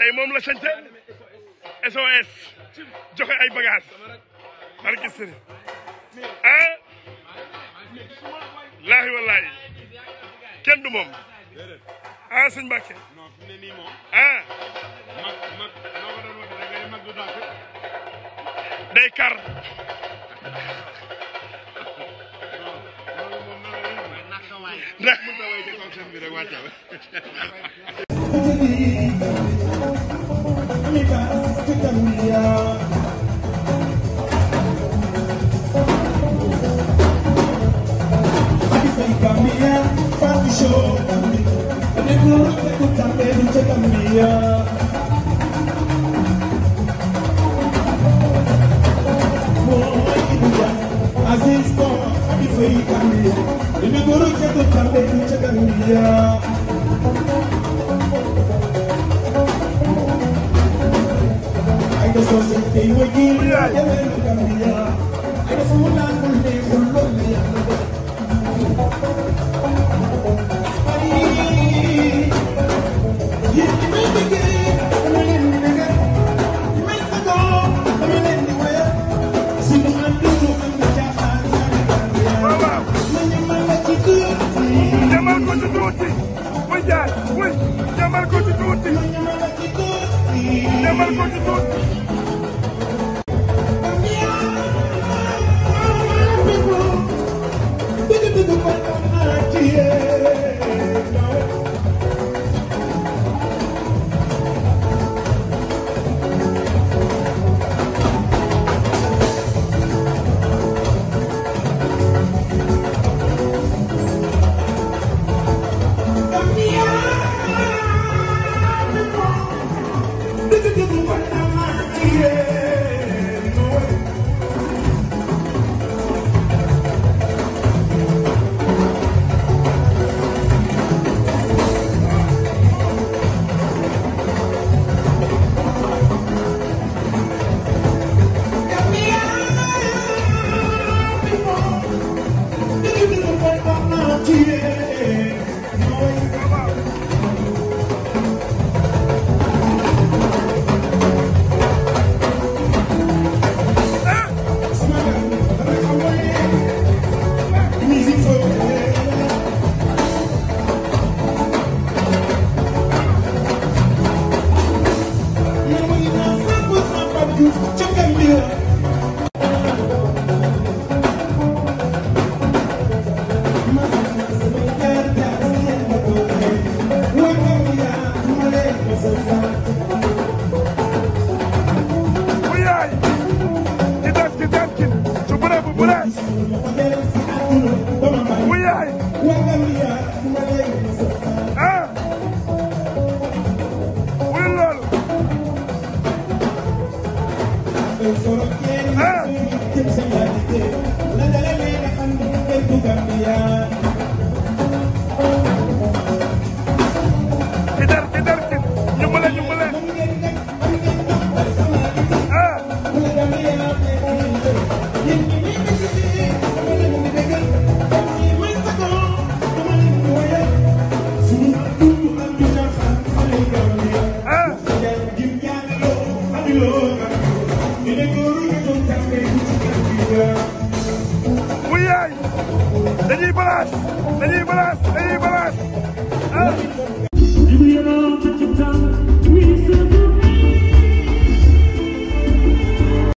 tey moom la sañte SOS joxe ay bagage barke ah laahi kenn du moom ah sëñ ah day kar ndax Maria. Aziz Bon, Ifeyi Kambiya, Ibi Goro Cheto Kambe, Iche Kambiya. I just want to say, Iwe Kambiya, Iwe Kambiya. I just want to say, demal ko ci tuut Yeah. Yes. ah wuy yaay dañuy balaas dañuy balaas dañuy balaas ah.